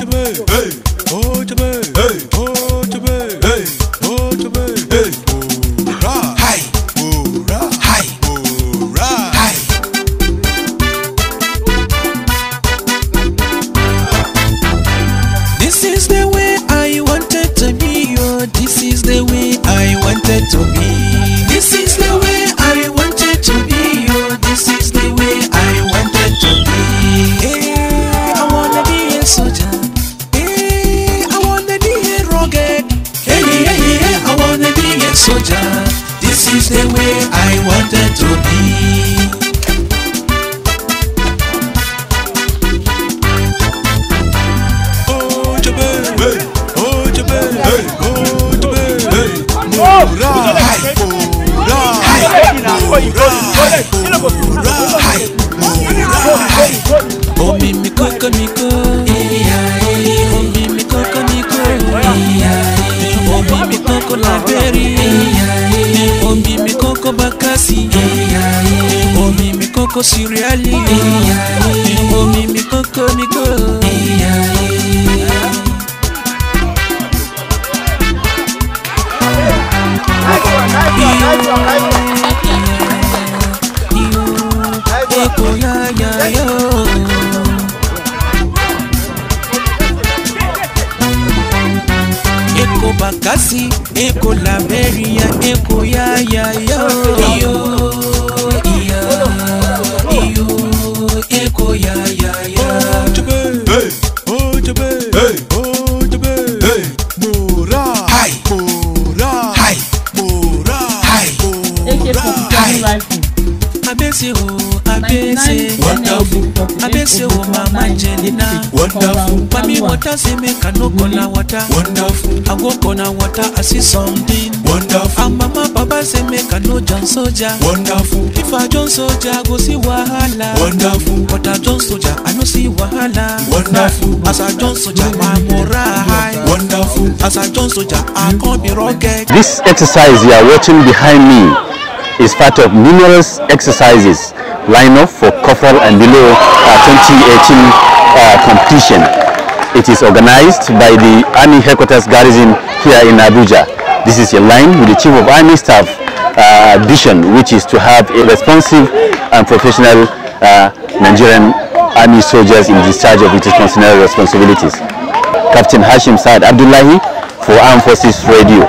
Hey, oh, is the way I wanted to be. Oh, Jebe, hey, oh, Jebe, hey, oh, Jebe, hey, Oh, mi mi ko ko mi ko, oh mi mi ko ko mi ko, oh mi mi ko ko la beri sí. Omi mi kókó síríálì. Omi mi kókó mi kó. Epo yaya yoo. Eko bakasi, eko laberia, eko yaya yoo. eko ya ya ya. Ojebe, hey. ojebe, hey. ojebe, hey. mora, hi, mora, hi, mora, hi, mora, hi. Abese o, abese. Wonderful. Abese o, mama Angelina. Wonderful. Mami water say make I no kona water. Wonderful. I go kona water, I see something. Wonderful. And mama baba say make I no jump soldier. Wonderful. If I jump soldier, I go see wahala. Wonderful. But I jump soldier, I no see wahala. Wonderful. As I jump soldier, my morale high. Wonderful. As I jump soldier, I can't be rocket. This exercise you are watching behind me is part of numerous exercises lineup up for Corporal and Below uh, 2018 uh, competition. It is organized by the Army Headquarters Garrison here in Abuja. This is in line with the Chief of Army Staff vision, uh, which is to have a responsive and professional uh, Nigerian Army soldiers in discharge of its constitutional responsibilities. Captain Hashim Saad Abdullahi for Armed Forces Radio.